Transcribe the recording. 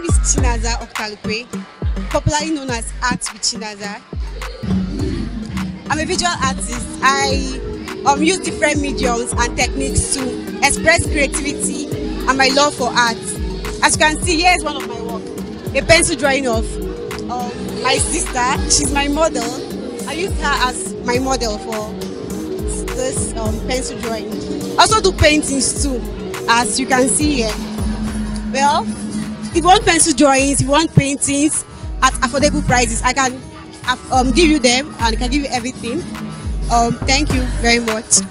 Chinaza popularly known as Art with Chinaza. I'm a visual artist. I um, use different mediums and techniques to express creativity and my love for art. As you can see, here is one of my work, a pencil drawing of um, my sister. She's my model. I used her as my model for this um, pencil drawing. I also do paintings too, as you can see here. Well, if you want pencil drawings, you want paintings at affordable prices, I can um, give you them and I can give you everything. Um, thank you very much.